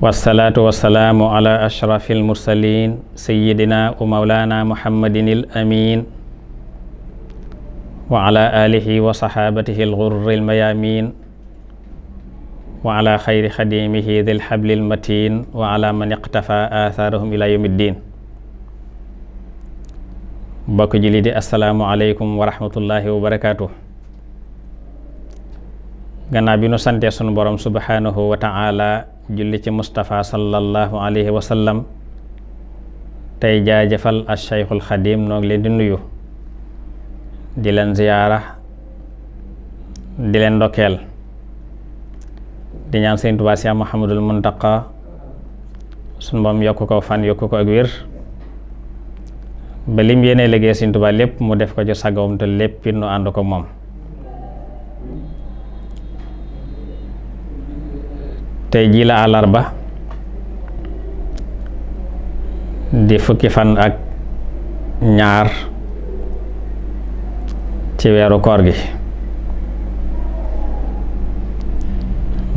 wasalaatu wasalaamu ala ashrafi almursalin sayidina wa maulana muhammadin il amin wa ala alihi wa saxaabatihi algurri almayamin wa ala xayri xadimihi dil xabli almatin wa ala man iqtafa aathaarahum ila yawmi ddin bokk ji li di asalaamu aleykum wa rahmatullahi wa barakatuh gannaaw bi nu santee sunu borom subhaanahu wa ta'ala julli ci Moustapha sallallahu alayhi wa tey jaajëfal as Cheikhul Xadim leen di nuyu di leen ziyaara di leen ndokkeel di ñaan Sëriñ Tuubaa Seex Muhammadul Muntaqa sunu borom yokku ko fan yokku ko ak wér ba lim yéene liggéey lépp mu def ko ci sagawam te lépp it nu ànd ko moom. tey jii la àllarba di fukki fan ak ñaar ci weeru koor gi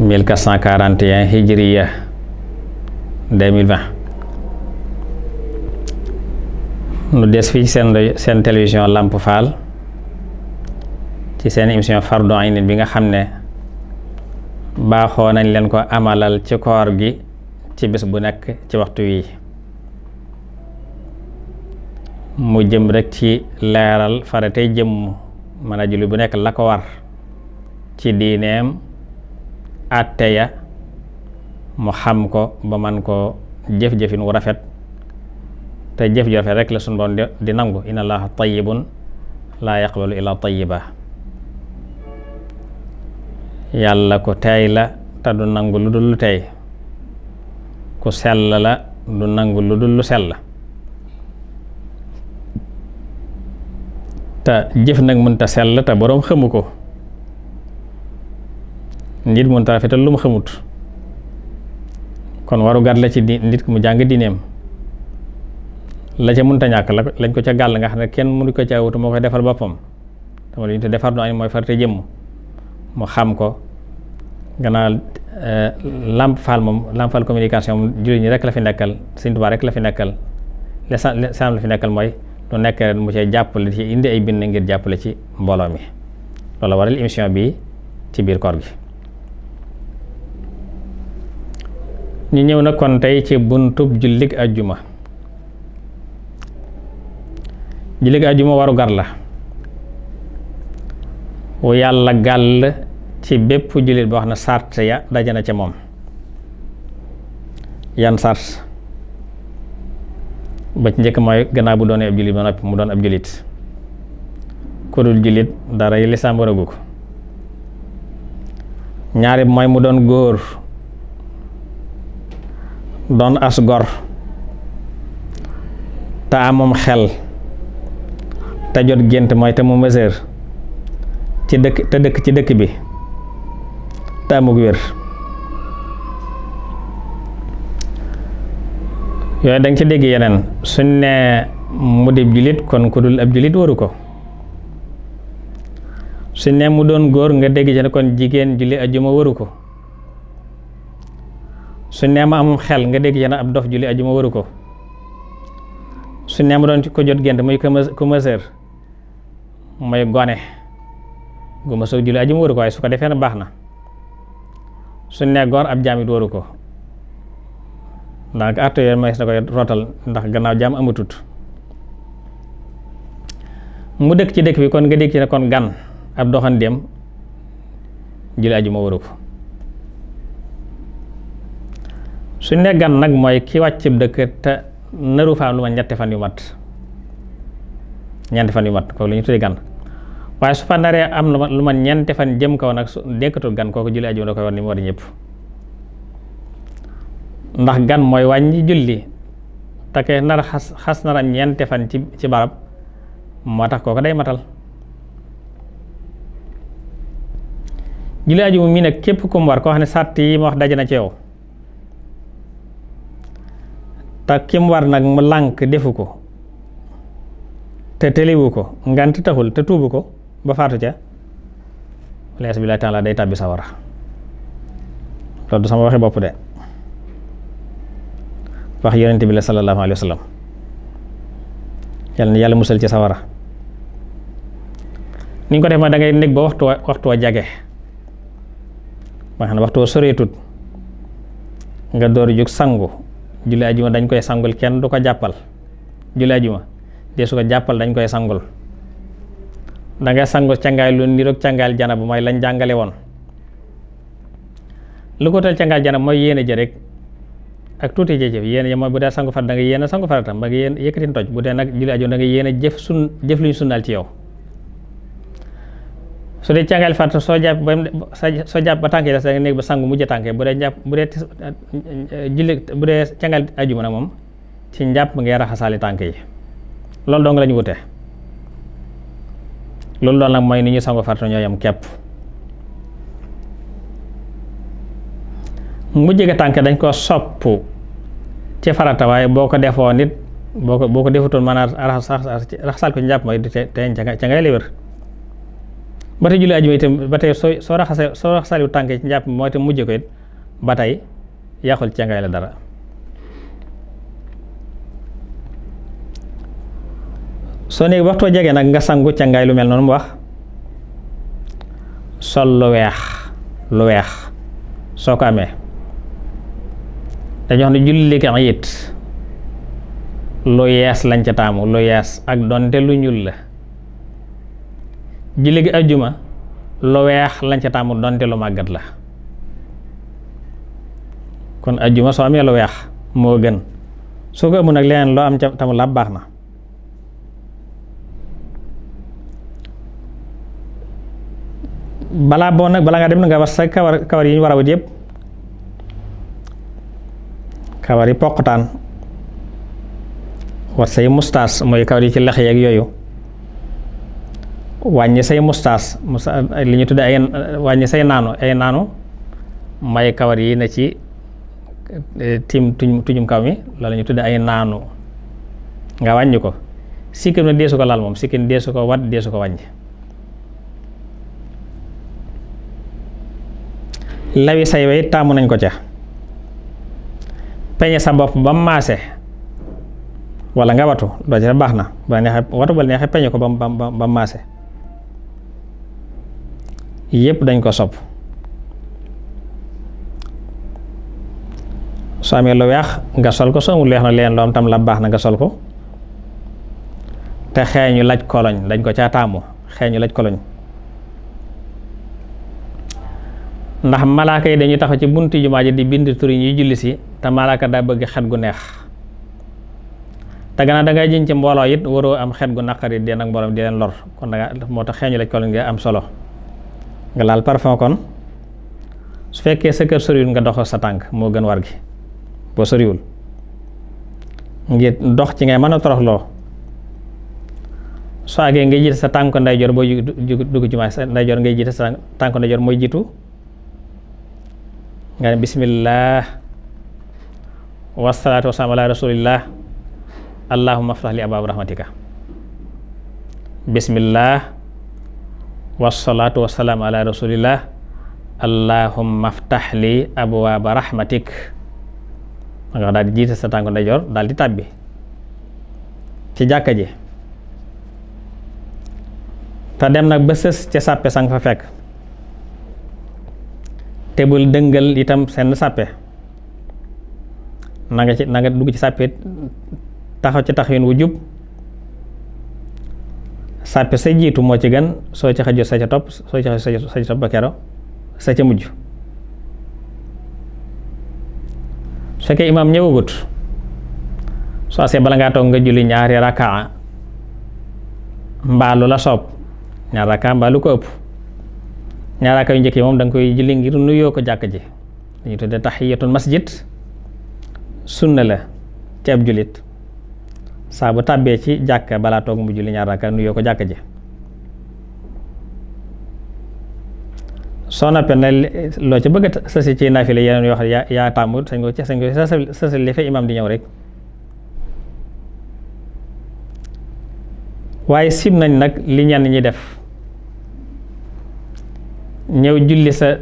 1441 hijriya 2020 nu des fii seen seen télévision Lamp ci seen émission Fardul Hayni bi nga xam ne baaxoo nañ leen ko amalal ci koor gi ci bis bu nekk ci waxtu wi mu jëm rekk ci laaral leeral tey jëmm mën a julli bu nekk la ko war ci diineem àtte ya mu xam ko ba man koo jëf-jëfin wu rafet te jëf ju rafet rek la sundoon borom di nangu inna allaha tayyibun laa yaqbalu illa tayyiba yàlla ku teey la te du nangu lu dul lu teey ku sell la du nangu lu dul lu sell te jëf nag mënta sell te boroom xamu ko nit mënta rafetal lu mu xamut kon waru gàtt la ci di nit mu jàng diineem la ca mënta ñàkk la lañ ko ca gàll nga xam ne kenn mu mënu ko ca wutu moo koy defar boppam dama la ñu te defar du añ mooy farte jëmm mu xam ko gannaaw eh, Lamp Fall moom Lamp Fall communication moom jullit ñi rek la fi nekkal Sëriñ Tuubaa rek la fi nekkal l'islam la fi nekkal mooy lu nekk rek mu cee jàppale ci indi ay bind ngir jàppale ci mbooloo mi loolu waral émission bi ci biir koor gi ñu ñëw na kon tey ci buntub jullig ajjuma jullig ajjuma waru gar la wu yàlla gàll ci bépp jullit boo wax na sart ya daja na ca moom yan sart ba ci njëkk mooy gannaaw bu doonee ab jullit ba nopp mu doon ab jullit ku jullit dara yi lislaam waragu ko ñaari mooy mu doon góor doon as gor te amum xel te jot gént mooy te mu meseur ci dëkk te dëkk ci dëkk bi te amug wér yooyu danga ci dégg yeneen suñ ne mu dib jullit kon ku dul ab jullit waru ko suñ ne mu doon góor nga dégg ci ne kon jigéen julli waru ko suñ ne ma xel nga dégg ci ne ab dof julli ajuma waru ko suñ ne mu doon ko jot gént muy ku mëseer muy gone gu ma soog julli ajuma waru ko waaye su ko defee baax na su ne ab jaam it waru ko ndax arto yooyu mays na koy rootal ndax gannaaw jaam amatut mu dëkk ci dëkk bi kon nga dégg ci ne kon gan ab doxandéem julli ajuma waru ko su ne nag mooy ki wàcc dëkk te naru faam lu ma ñetti fan yu mat ñeenti fan yu mat kooku la ñu gan waaye su fa naree am lu man ñeenti fan jëm kaw nag su dekkatul gan kooko julli ajuma da koy war ni mu war ñëpp ndax gan mooy wàññi julli te kay nar xas xas nar a fan ci ci barab moo tax kooku day matal julli ajuma mii nekk képp ku mu war koo xam ne sàtt yi ma wax daje na ci yow te ki war nag mu lànk defu ko te teliwu ko ngant taxul te tuubu ko ba faatu ca wala bi laay taalaa day tàbbi sawara loolu sama waxi bopp de wax yonent bi la sallallahu alayhi wa sallam yàlla na yàlla musal ci sawara ni ñu ko def ma da ngay nekk ba waxtu waxtu wa jage ma xam ne waxtu wa soreetut nga door jóg sangu julli dañ koy sangul kenn du ko jàppal julli ajuma dee su ko jàppal dañ koy sangul da nga sangu cangaay lu niroog cangaayal bu mooy lañ jàngale woon lu ko tal cangaayal janaba mooy yéene ja rek ak tuuti jëf yéene ja mooy bu dee sangu farat da nga yéene sangu faratam ba nga yéen yëkkati toj bu dee nag julli ajoon da nga yéene jëf sun jëf luñ ñu sunnaal ci yow su dee cangaayal farata soo jàpp ba soo jàpp ba tànk yi des ba sangu mujj tànk bu dee jàpp bu dee julli bu dee cangaayal ajuma nag moom ci njàpp ngay raxasaali tànk yi loolu doo la ñu wutee loolu daal nag mooy ni ñu sangu farata ñoo yam képp mujj ga tànk dañ ko sopp ci farata waaye boo ko defoo nit boo ko boo ko defutoon maanaam raxasal ko njàpp mooy te te ca ngay liwér ba tey julli ajuma itam ba tey soo soo raxasal soo raxasal yu tànk ci njàpp mooy tam mujj ko ba tey yaxul ca ngay la dara soo néegi waxtu jege nag nga sangu cangaay lu mel noonu mu wax sol lu weex lu weex soo ko amee dañoo xam ne julli ka it lu yees lañ ca taamu lu yees ak donte lu ñuul la julli gi ajjuma lu weex lañ ca taamu donte lu màggat la kon ajjuma soo amee lu weex moo gën soo ko amul nag leneen loo am ca tamu lab baax na balaa boo nag balaa ngaa dem na nga war sa kawar kawar yi ñu war a wut yëpp kawar yi poqtaan war say mustaas mooy kawar yi ci lex yeek yooyu wàññi say mustaas musta li ñu tuddee ay wàññi say naanu ay naanu may kawar yi na ci eh, tim tuñ tuñum kaw mi loolu ñu tuddee ay naanu nga wàññi ko sikkim na deesu ko laal moom sikkim deesu ko wat deesu ko wàññi lawi say way taamu nañ ko ca peñe sa bopp ba mu maase wala nga watu doo ca baax na ba la neexee watu bu la neexee peñe ko ba ba ba maase yëpp dañ ko sob soo amee lu weex nga sol ko soo amul lu weex na leen loom tam la baax na nga sol ko te xeeñu laj koloñ dañ ko caa taamu xeeñu laj koloñ ndax malaaka yi dañuy tax ci buntu jumaa ji di bind tur ñuy julli si te malaaka daa bëgg xet gu neex te gannaaw da ngay jën ci mbooloo it waroo am xet gu naqari deen nag mbooloo di leen kon da nga moo tax xeeñu la ko am solo nga laal parfum kon su fekkee sa kër soriwul nga dox sa tànk moo gën war gi boo soriwul ngir dox ci ngay mën a toroxloo soo àggee ngay jiite sa tànk ndeyjoor boo dugg jumaa sa ndeyjoor ngay jiite sa tànk ndeyjoor mooy jiitu nga ne bismillah wasalaatu wasalaam ala rasulillah allahumma aftah li abaab rahmatika bismillah wasalaatu wasalaam ala rasulillah allahumma aftah li abwaab rahmatik nga daal di sa tànku ndeyjoor daal di tàbbi ci jàkka ji te dem nag ba sës ca sàppe sang fa fekk te bul dëngal itam seen sàppe na nga ci na dugg ci sàppe taxaw ci taxawin wu jub sàppe sa jiitu moo ci gën soo ci xajoo sa ca topp soo ci xajoo sa ca topp ba kero sa ca mujj su fekkee imaam ñëwagut soo asee bala ngaa toog nga julli ñaari rakaa mbaalu la soob ñaari rakaa mbaalu ko ëpp ñaaraaka yu njëkk yi moom da nga koy julli ngir nuyoo ko jàkk ji dañuy tuddee tahiyatul masjid sunna la ceeb ab jullit saa bu tàbbee ci jàkka balaa toog mu julli ñaaraaka nuyoo ko jàkk ji soo noppee na loo ci bëgg a sësi ci naafile yeneen yoo xam ne yaa tàmmut sañ ko sañ ko sësal li fa imaam di ñëw rek waaye sim nañ nag li ñenn ñi def ñëw julli sa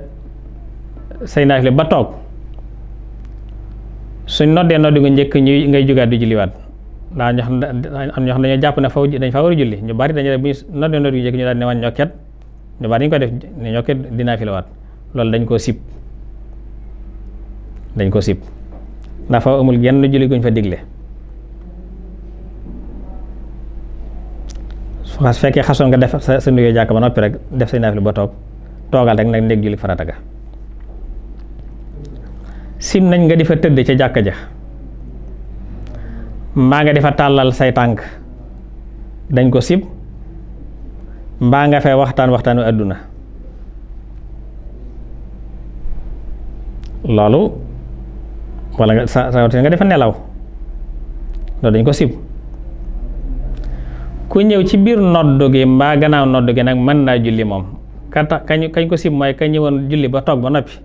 say naafile ba toog suñ noddee noddi nga njëkk ñuy ngay jugaat di julliwaat daa ñoo xam am ñoo jàpp ne faw dañ faa war a julli ñu bari dañu bu ñu noddee noddi njëkk ñu daal ne wañ ñokket ñu bari dañu ko def ne ñokket di naafilewaat loolu dañ koo sib dañ ko sib ndax faw amul genn julli guñ fa digle su fekkee xasoon nga def sa sa nuyoo jàkk ba noppi rek def say naafile ba toog toogal rek nag ndég julli farata ga sim nañ nga di tëdd ca jàkk ja mbaa nga defa tàllal say tànk dañ ko sib mbaa nga fay waxtaan waxtaanu àdduna loolu wala nga sa rawatina nga defa nelaw loolu dañ ko sib ku ñëw ci biir noddu gi mbaa gannaaw noddu gi nag mën naa julli moom ka kañ kañ ko sib mooy kañ ñëwoon julli ba toog ba noppi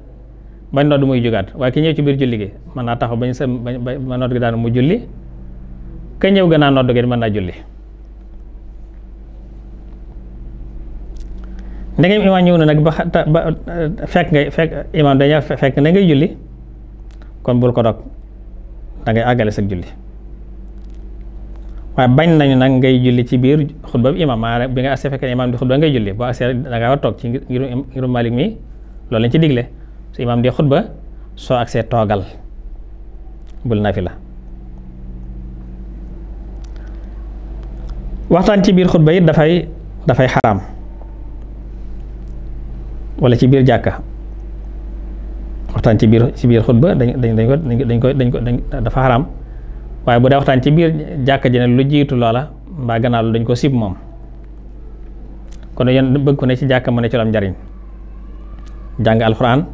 bañ nodd muy jógaat waaye ki ñëw ci biir julli gi mën naa taxaw bañ sa ba nodd gi daan mu julli ka ñëw gën a nodd gi mën naa julli ndegem imaam ñëw na nag ba fekk ngay fekk imaam dañuy fekk na ngay julli kon bul ko dog da ngay àggale sa julli waaye bañ nañu nag ngay julli ci biir xutba bi imaam maa bi nga asee fekkee ne imaam di xutba ngay julli boo asee da ngaa war toog ci ngiru Malik mi loolu lañ ci digle su imaam di xutba soo agsee toogal bul la waxtaan ci biir xutba it dafay dafay xaraam wala ci biir jàkka waxtaan ci biir ci biir xutba dañ dañ dañ ko dañ dañ dañ dafa xaraam waaye bu dee waxtaan ci biir jàkka ji ne lu jiitu loola mbaa gannaaw lu dañ ko sib moom kon yéen bëgg ko ne ci jàkka mu ne ci lu am njariñ jàng alxuraan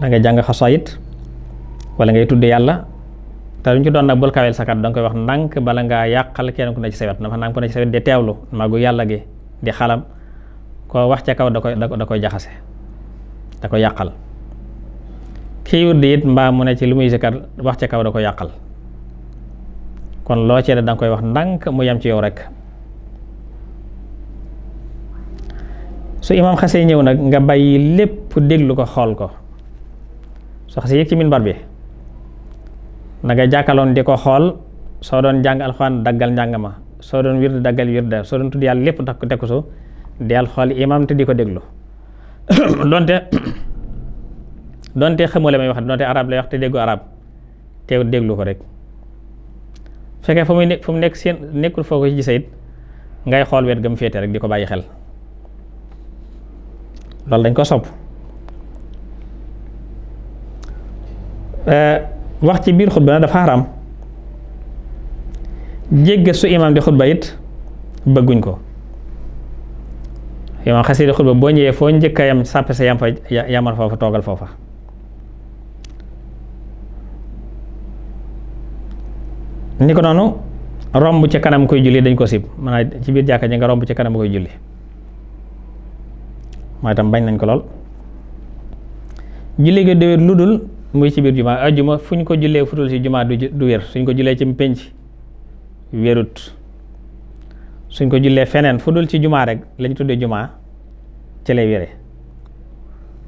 da nga jàng xasaayit wala ngay tudd yàlla te luñ ci doon nag bul kaweel sa kàddu da nga koy wax ndànk bala ngaa yàqal kenn ku ne ci sa wet dafa ndànk ku ne ci sa di teewlu magu yàlla gi di xalam ko wax ca kaw da ko da koy jaxase da ko yàqal kii wut di it mbaa mu ne ci lu muy sikar wax ca kaw da koy yàqal kon loo ceele da koy wax ndànk mu yam ci yow rek su imaam xasee ñëw nag nga bàyyi lépp déglu ko xool ko su xasee yëg ci minbar bi na jàkkaloon di ko xool soo doon jàng alxuraan daggal njàng ma soo doon wird daggal wirda soo doon tudd yàlla lépp tax ko teg ko imaam te di ko déglu doonte donte xamoo la may wax donte arab lay wax te déggu arab te déglu ko rek bu fekkee fa muy nekk fa mu nekk seen nekkul foo ko ci gisee ngay xool wet gam féete rek di ko bàyyi xel loolu dañ ko sopp eh, wax ci biir xutba na dafa xaram jégge su imaam di xutba it bëgguñ ko imaam xasee di xutba boo ñëwee foo njëkk yam sàppe sa yam fa yamal foofa toogal foofa ni ko noonu romb ci kanam koy julli dañ ko sib maanaam ci biir jàkka ji nga romb ci kanam koy julli mooy tam bañ nañ ko lool julli gi du wér lu dul muy ci biir jumaa ajjuma fu ko jullee futul jumaa du wér suñ ko jullee ci pénc wérut suñ ko jullee feneen fu dul ci jumaa rek lañ tuddee jumaa ci lay wére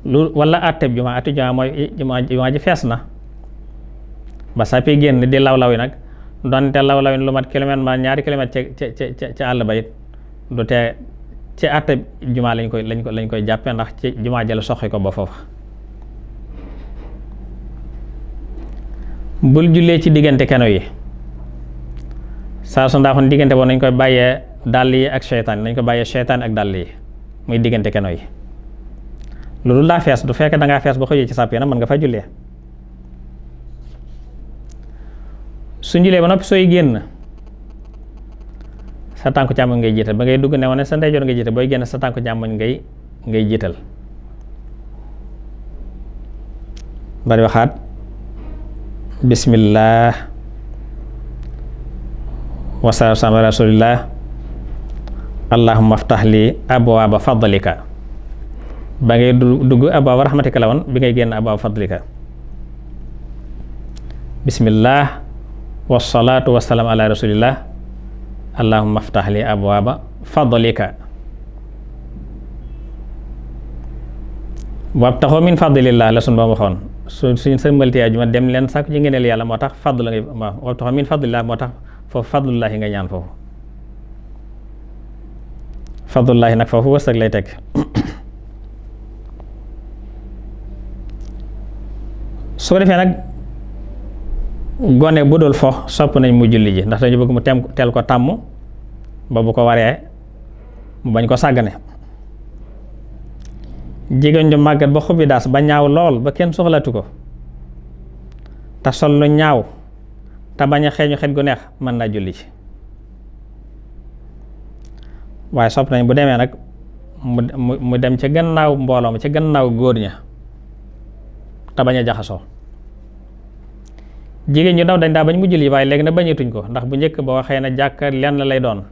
lu wala àtteeb jumaa àtte jumaa mooy jumaa ji fees na ba sàppee génn di law nag donte law lawin lu mat kilomètre mbaa ñaari kilomètre ca ca ca àll ba it du tee ci àtte jumaa lañ koy lañ koy lañ koy jàppee ndax ci jumaa jël soxi ko ba foofa bul jullee ci diggante keno yi saa su ndax diggante boobu nañ koy bàyyee dàll yi ak seytaan nañ ko bàyyee seytaan ak dàll yi muy diggante keno yi lu dul daa fees du fekk dangaa fees ba xëyee ci sàpp yi nag mën nga fa jullee su njulee ba noppi sooy génn sa tànku càmmoñ ngay jiital ba ngay dugg ne wane sa ndeyjoor ngay jiital booy génn sa tànku càmmoñ ngay ngay jiital bari waxaat bismillah wasalaatu ala rasulillah allahumma aftah li abwaaba fadlika ba ngay dugg abwaaba rahmatika la woon bi ngay génn abwaaba fadlika bismillah wasalaatu wasalaam ala rasulillah allahumma aftah li abwaaba fadlika wabtaxoo min fadlillah la suñ ba waxoon su suñ sëmbalti ajuma dem leen sàkku ci ngeneel yàlla moo tax fadlu nga waaw min fadlillah moo tax foofu fadlullahi nga ñaan foofu fadlullahi nag foofu wërsëg lay teg su defee nag gone bu dul fo sopp nañ mu julli ji ndax dañu bëgg mu tem tel ko tàmm ba bu ko waree mu bañ ko sàggane jigéen ju màgget ba xubi daas ba ñaaw lool ba kenn soxlaatu ko te sol lu ñaaw te bañ a xeeñu xet gu neex mën naa julli ji waaye sopp nañ bu demee nag mu mu dem ca gannaaw mbooloom ci gannaaw góor ña te bañ jaxasoo jigéen ñu ndaw dañ daa bañ mu julli waaye léegi na bañeetuñ ko ndax bu njëkk ba waxee na jàkk lenn lay doon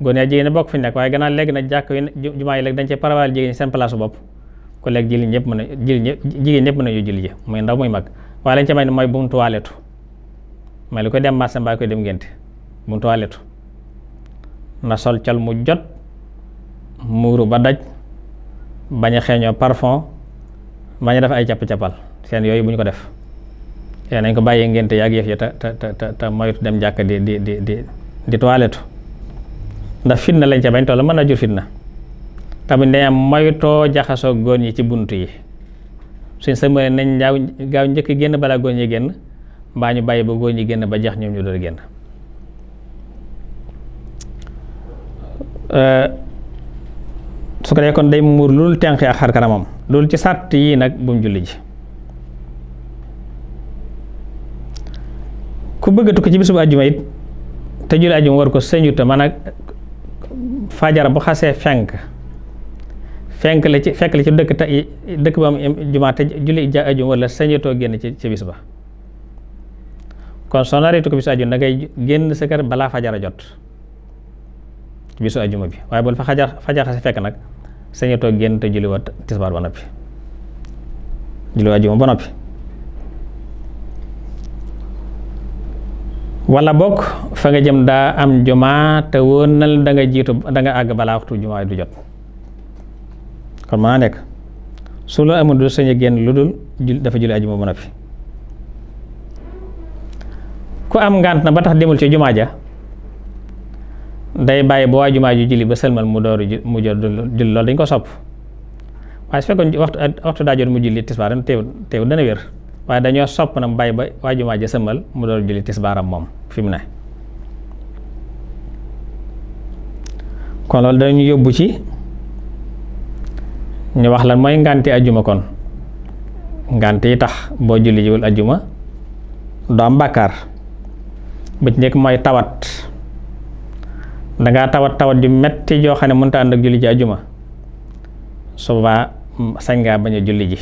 gone ak jigéen ñi bokk fi nekk waaye gannaaw léegi na jàkk yi jumaa yi léegi dañ cee parawal jigéen ñi seen place bopp ko léegi jigéen ñëpp mën a jigéen ñëpp mën a julli ji muy ndaw muy mag waaye lañ ca may ne mooy bu mu tuwaaletu may li koy dem marché mbaa koy dem ngénte bu mu tuwaaletu na sol col mu jot muuru ba daj bañ a xeeñoo parfum bañ def ay capp seen yooyu bu ko def te nañ ko bàyyee ngénte yàgg yëf ya ta ta ta ta moytu dem jàkk di di di di di ndax fitna lañ ca bañ toll mën na jur fitna tamit dañ am moytoo jaxasoo góor ñi ci bunt yi suñ sëmënee nañ gaaw njëkk génn balaa góor ñi génn mbaa ñu bàyyi ba góor ñi génn ba jeex ñoom ñu doon génn su ko dee kon day muur loolu tenq ak xar kanamam loolu ci sàtt yii nag bu julli ji ku bëgg a tukki ci bisub àjjuma it te julli àjjuma war ko ma maanaam fajar bu xasee fenk fenk la ci fekk la ci dëkk ta dëkk ba am jumaa te julli ja àjjuma wala sëñetoo génn ci ci kon soo naree tukki bisu àjjuma da ngay génn sa fajar jot ci bisu àjjuma bi waaye bul fa xajar fajar fekk nag sëñetoo génn te julli wa tisbaar ba noppi julli àjjuma ba noppi wala bokk fa nga jëm daa am jumaa te wóonal da nga jiitu da nga àgg balaa waxtu jumaa du jot kon maa nekk su loo amul du sañ a génn lu dul jul dafa julli ajuma ba noppi ku am ngànt na ba tax demul ci jumaa ja day bàyyi ba waa jumaa ju julli ba sëlmal mu dooru mu jot julli loolu dañ ko sopp waaye su fekkoon waxtu daa jot mu julli tisbaar teew teew dana wér waaye dañoo sopp na bay ba waajumaa ja sëmal mu doon julli tisbaaram moom fi mu ne kon loolu dañu yóbbu ci ñu wax lan mooy ngànte ajuma kon ngànte yi tax boo julli jiwul ajuma doom am bàkkaar ba ci njëkk mooy tawat dangaa tawat tawat ju metti joo xam ne mënta ànd ak julli ji ajuma su sañ ngaa bañ a julli ji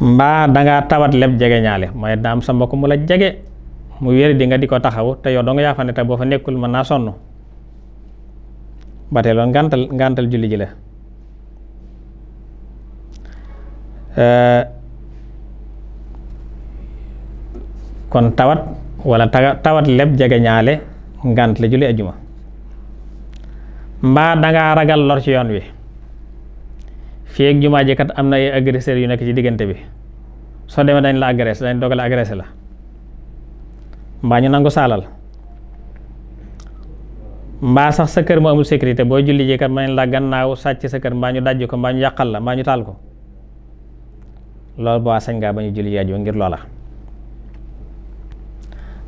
mbaa dangaa tawat leb jege ñaale mooy daam sa mbokk mu la jege mu wér di nga di ko taxaw te yow doo nga yaa boo fa nekkul ma naa sonn ba tey ngantal ngàntal julli ji la kon tawat wala tawat leb jege ñaale ngànt la julli ajuma mbaa dangaa ragal lor ci yoon wi fii ak jumaa ji kat am na ay agresseurs yu nekk ci diggante bi soo demee dañ la agressé dañ dogal agressé la mbaa ñu nangu saalal mbaa sax sa kër mu amul sécurité boo julli ji kat mën la gannaaw sàcc sa kër mbaa ñu dajj ko mbaa ñu yàqal la mbaa ñu taal ko loolu boo sañ ngaa ba ñu julli ji ajjuma ngir loola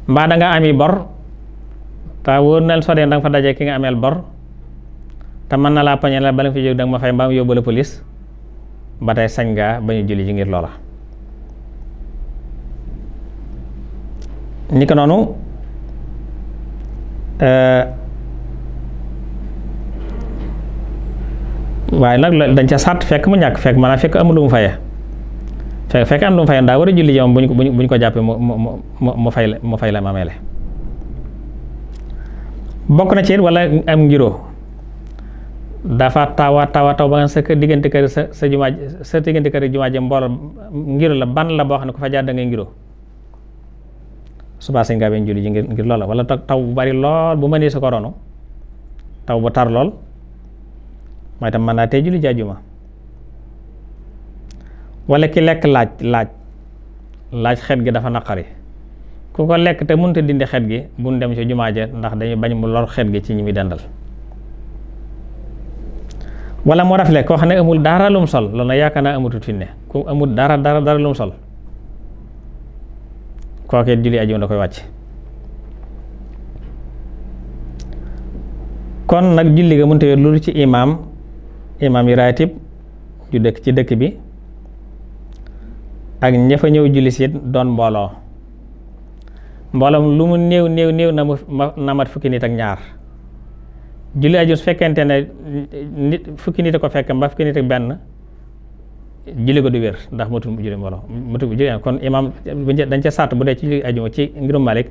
mbaa da nga ami bor te wóor na soo dee da fa dajee ki nga ameel bor te mën na laa pañe la bala nga fi jóg da nga ma fay mbaam yóbbu la police ba tey sañ ngaa ba ñu julli ji ngir loola ni ko noonu euh, waaye nag loolu dañ ca sàtt fekk mu ñàkk fekk maanaam fekk amul mu faye fekk fekk am mu faye ndaa war a julli ji moom bu ñu bu ñu ko jàppee mu mu mu mu fay la mu fay la mameele bokk na ci it wala am ngiroo dafa tawa tawa taw ba nga sa diggante kër sa sa jumaa sa diggante kër jumaa ji mbooloo ngir la ban la boo xam ne ku fa jaar da ngay ngiro suba sañ gaabeen julli ji ngir ngir walla wala taw bu bari lool bu mënee sa koronu taw bu tar lool mooy tam mën naa tey julli jaa juma walla ki lekk laaj laaj laaj xet gi dafa naqari ku ko lekk te mun te dindi xet gi bu ñu dem ci jumaa ja ndax dañuy bañ mu lor xet gi ci ñi muy dendal wala mu rafle ko xam ne amul dara lum sol loolu nag yaakaar naa amutut fi ne ku amul dara dara dara lum sol kookee julli ajuma da koy wàcc kon nag julli ga mënta wér loolu ci imaam imaam yi raatib ju dëkk ci dëkk bi ak ña ñëw julli si doon mbooloo mbooloom lu mu néew néew néew na mu na mat fukki nit ak ñaar julli ajjuma su fekkente ne nit fukki nit a ko fekk mbaa fukki nit ak benn julli ko du wér ndax matul julli mbooloo matul julli kon imaam dañ ca sart bu dee ci julli ajjuma ci ngirum Malik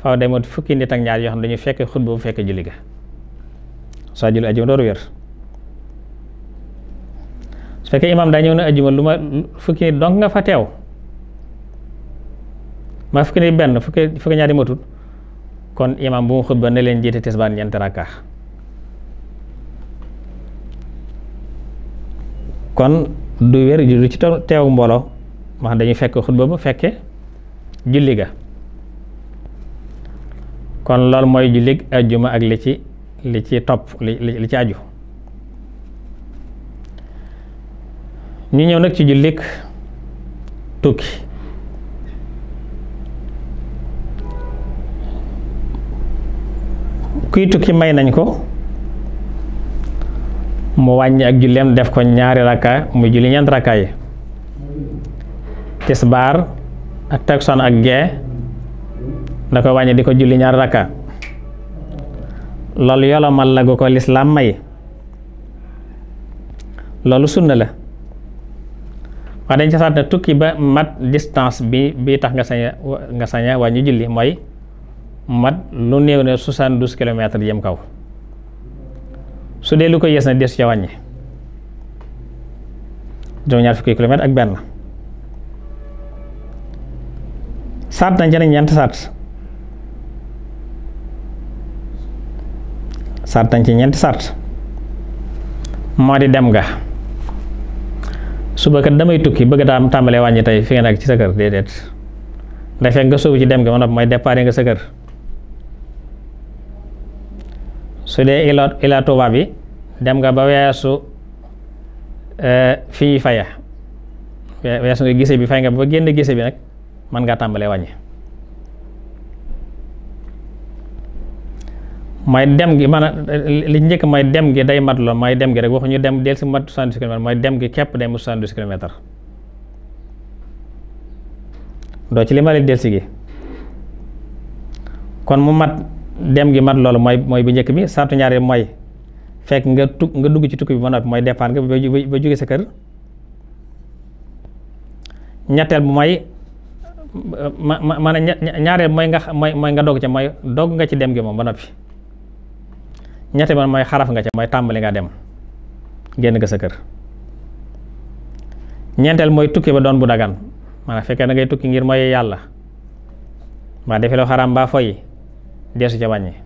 faaw day mot fukki nit ñaar yoo xam dañuy fekk xutba bu fekk julli ga soo julli ajjuma dooru daa ñëw na ajjuma lu ma fukki nit donc nga fa teew mbaa fukki nit benn fukki fukki ñaari matul kon imaam bu mu xutba ne leen jiite tisbaan ñeenti kon du wér du ci teewu mbooloo ma xam dañuy fekk xutba ba fekke julli ga kon loolu mooy jullig ajjuma ak li ci li ci topp li li ci aju ñu ñëw nag ci jullig tukki kuy tukki may nañ ko mu wàññi ak julleem def ko ñaari rakka mu julli ñeent rakka yi tisbaar ak takkusaan ak gee da koy wàññi di ko julli ñaari rakka loolu yolomal la gu ko lislaam may loolu sunna la wax dañ ci saat ne tukki ba mat distance bi bi tax nga saña nga saña wàññi julli mooy mat lu néew ne soixante-douze kaw su dee lu ko yees na des ca wàññi juróom-ñaar fukki kilomètre ak benn saat nañ ca ñeent saat saat nañ ci ñeenti saat moo di dem nga suba kat damay tukki bëgg daa tàmbalee wàññi tey fi nga nekk ci sa kër déedéet ndax fekk nga sóobu ci dem nga man mooy départ nga sa kër su dee ila ila Tuuba bi dem nga ba weesu e, fi ñuy faye weesu nga gise bi fay nga ba génn gise bi nag man ngaa tàmbalee wàññi mooy dem gi man li njëkk mooy dem gi day mat lool mooy dem gi rek waxuñu dem del si mat 70 kilomètres mooy dem gi képp day mu 70 kilomètres doo ci li ma lay del gi kon mu mat dem gi mat loolu mooy mooy bu njëkk bi sartu ñaareel mooy fekk nga tu nga dugg ci tukki bi ba noppi mooy départ nga ba ba jóge sa kër ñetteel bi mooy ma ma maanaam ñaareel mooy nga mooy mooy nga dog ca mooy dog nga ci dem gi moom ba noppi ñetteel bi mooy xaraf nga ca mooy tàmbali nga dem génn nga sa kër ñenteel mooy tukki ba doon bu dagan maanaam fekkee da ngay tukki ngir mooy yàlla mbaa defee loo xaraam mbaa foyi deesu ca wàññi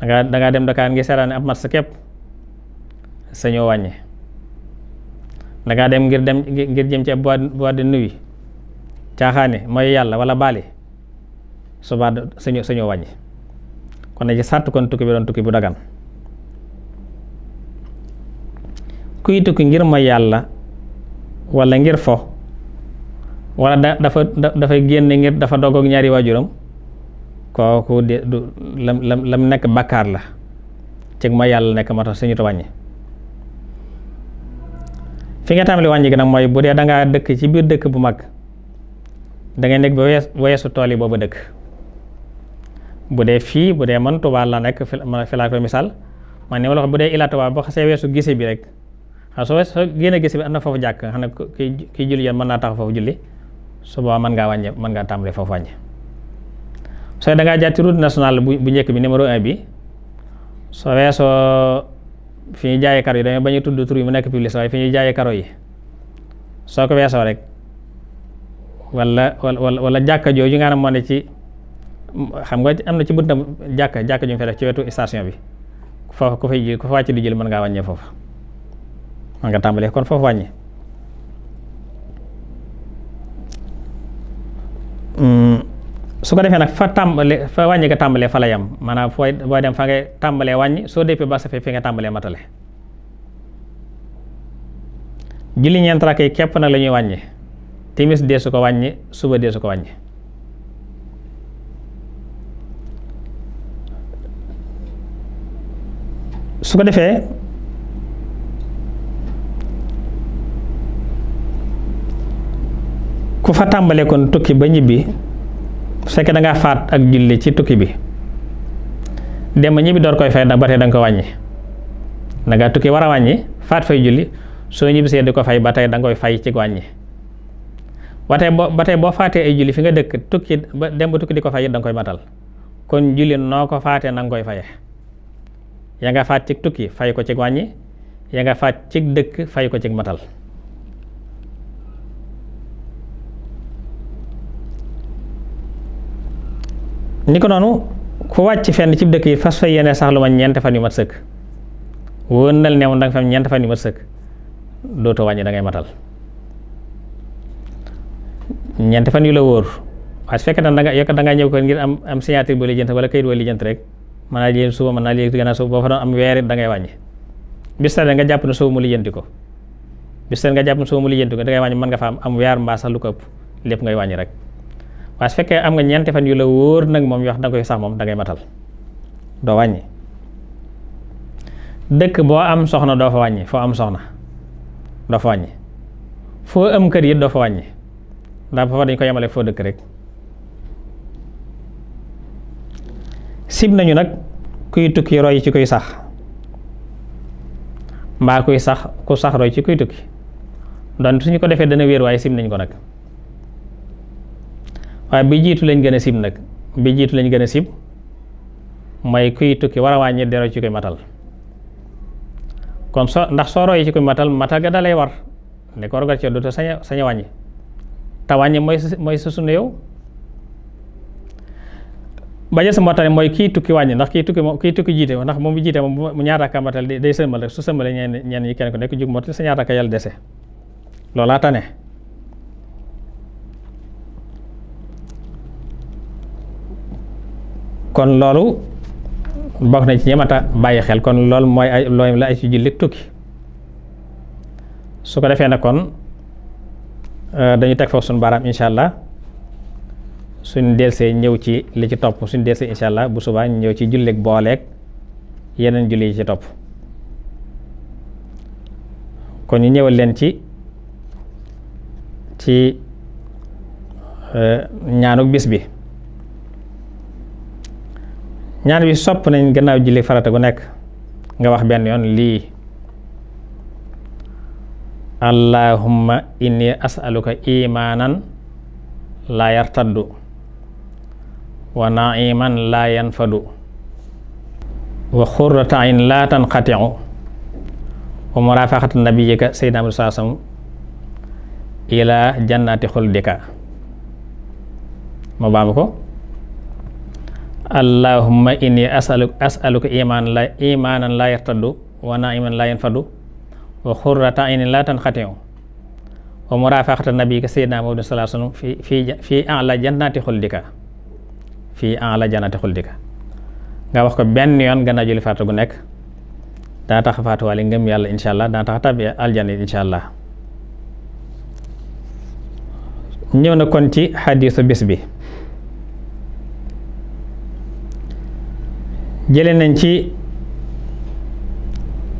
dangaa dem Dakar ngir seeraane ab match képp sañoo wàññi dangaa dem ngir dem ngir jëm ci ab boîte de nuit caaxaane mooy yàlla walla baali suba sañoo sañoo wàññi kon na ci kon tukki bi doon tukki bu dagan kuy tukki ngir mooy yàlla wala ngir fo wala da dafa dafay génn ngir dafa dogoog ñaari waajuram kooku de du lam lam lam nekk bakkaar la cëg ma yàlla nekk ma tax suñu wàññi fi nga tàmbali wàññi gi mooy bu dee da dëkk ci biir dëkk bu mag da ngay nekk ba wees weesu tool yi boobu dëkk bu dee fii bu dee man Tuubaa la nekk fi laa koy misaal man ni ma la bu dee Ila Tuubaa boo xasee weesu gise bi rek xam soo weesu soo génnee gise bi am na foofu jàkk xam ne kii julli yéen mën naa tax foofu julli su mën ngaa wàññi mën ngaa tàmbali foofu wàññi soo da ngaa jaar ci route nationale bu bu njëkk bi numéro 1 bi soo weesoo fi ñuy jaayee karo yi dañoo bañ a tudd tur mu nekk publicité fi ñuy jaayee karo soo ko weesoo rek wala wala wala jàkka jooju nga xam ne ne ci xam nga am na ci buntam jàkka jàkka ju mu fee def ci wetu station bi foofu ku fay ku fa wàcc di jël mën ngaa wàññee foofu mën nga tàmbalee kon foofu wàññi su ko defee nag fa tàmbale fa wàññi nga tàmbalee fa la yem maanaam fooy booy dem fa ngay tàmbalee wàññi soo defee ba sa fi fi nga tàmbalee matale julli ñeent rakk yi képp nag lañuy ñuy wàññi timis dee su ko wàññi suba dee ko wàññi su ko defee ku fa tàmbalee kon tukki ba ñibbi su fekkee da faat ak julli ci tukki bi dem ba ñibbi door koy fay nag ba tey da nga ko wàññi da ngaa tukki war a wàññi faat fay julli soo ñibbisee di ko fay ba tey danga koy fay ci wàññi ba tey boo ba tey boo faatee ay julli fi nga dëkk tukki ba dem ba tukki di ko fay danga koy matal kon julli noo ko faatee na nga koy faye ya nga faat ci tukki fay ko ci wàññi ya nga faat ci dëkk fay ko ci matal. ni ko noonu ku wàcc fenn ci dëkk yi fas fa yenee sax lu ma ñeent fan yu mat sëkk woon nal neewoon da nga fa fan yu mat sëkk dootoo wàññi da ngay matal ñeent fan yu la wóor waaye su fekkee da nga yokk da ñëw ko ngir am am signature boo lijjanti wala kayit boo rek man a lijjanti suba mën naa lijjanti gannaaw suba boo fa doon am weer it da ngay wàññi bis nga jàpp ne suba mu lijjanti ko bis tane jàpp ne mu lijjanti ko da ngay wàññi mën nga fa am am weer mbaa sax lu ko ëpp lépp ngay wàññi rek waaye su fekkee am nga ñeenti fan yu la wóor nag moom yoo xam koy sax moom da ngay matal doo wàññi dëkk boo am soxna doo fa wàññi foo am soxna doo wàññi foo am kër yi doo fa wàññi ndax foofa dañu ko yemale foo dëkk rek sib nañu nag kuy tukki roy ci kuy sax mbaa kuy sax ku sax roy ci kuy tukki doon suñu ko defee dana wéer waaye sib nañ ko nag waaye bi jiitu lañ gën a sib nag bi jiitu lañ gën a sib mooy kii tukki war a wàññi dero ci koy matal kon so ndax soo royee ci koy matal matal ga dalay war ne ko rogal ci dootu sañ sañ a wàññi te wàññi mooy mooy sa sunu yow ba jës mottali mooy kii tukki wàññi ndax kii tukki moom kii tukki jiite ndax moom jiite moom ñaataaka matal day sëlmal rek su sëlmalee ñeen ñenn ñi kenn ku nekk jug mottali sa ñaataaka yàlla dese loolaa tane kon loolu bokk na ci ñemata bàyyi xel kon loolu mooy ay looy la ay ci jullit tukki su ko defee na kon euh, dañu teg foofu suñu baaraam incha allah suñ delsee ñëw ci li ci topp suñ delsee incha allah bu subaa ñëw ci julleek booleek yeneen julli yi ci topp kon ñu ñëwal leen ci ci euh, ñaanuk bis bi ñaan wi sopp nañ gannaaw julli farata gu nekk nga wax benn yoon lii allahumma inni as'aluka imaanan laa yartaddu wa naiman laa yanfadu wa xurrata ayn laa tanqatiu wa murafaqata nabiyika sayyidina Muhammad sallallahu alayhi wa sallam ila xuldika ma baamu ko allahumma inni asalu asaluka imanan la imanan la yartaddu wa naiman la yanfaddu wa xurrata aynin la tanqati'u wa murafaqata nabiyika sayyidina Muhammadin sallallahu alayhi wa sallam fi fi fi a'la jannati xuldika fi a'la jannati xuldika nga wax ko benn yoon gannaaw julli faatu gu nekk daa tax faatuwaale ngëm yàlla insha allah daa tax tabbi aljanna insha allah ñëw na kon xadiisu bis jëlee nañ ci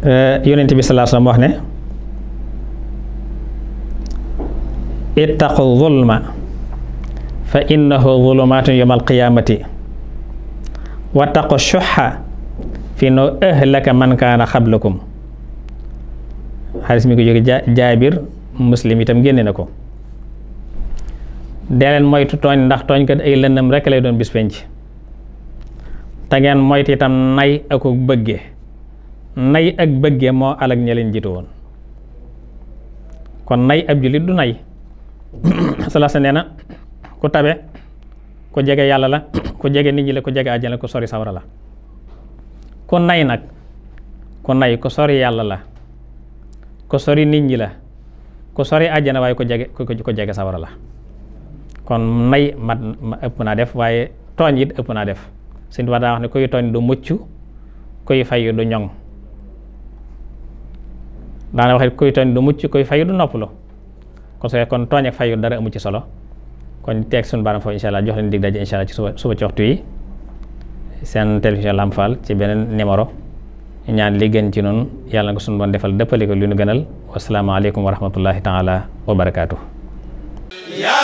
euh, yonent bi sallallahu wax ne ittaqu zulma fa innahu zulumatun yawmal qiyamati wattaqu shuhha fi no ahlaka man kaana xablakum xaalis mi ko jóge jaabir muslim itam génne na ko dee leen moytu tooñ ndax tooñ kat ay lëndam rekk lay doon bis penc te ngeen moytu itam nay ak bëgge nay ak bëgge moo alag ña leen jiitu woon kon nay ab jullit du nay sala sa nee na ku tabe ku jege yàlla la ku jege nit ñi la ku jege àjjana ku sori sawara la ku nay nag ku nay ku sori yàlla la ku sori nit ñi la ku sori àjjana waaye ku jege ku jege sawara la kon nay mat ëpp naa def waaye tooñ it ëpp naa def suñu war daa wax ne kuy tooñ du mucc kuy fayu du ñoŋ daana wax kuy tooñ du mucc kuy fayu du noppalu kon soo kon tooñ ak fayu dara amu ci solo kon teeg suñu baram foofu incha allah jox leen dig daje incha allah ci suba suba ci yi seen télévision Lamp ci beneen numéro ñaan li gën ci noonu yàlla na ko suñu bon defal dëppale ko li nu gënal wasalaamaaleykum wa rahmatullahi taala wa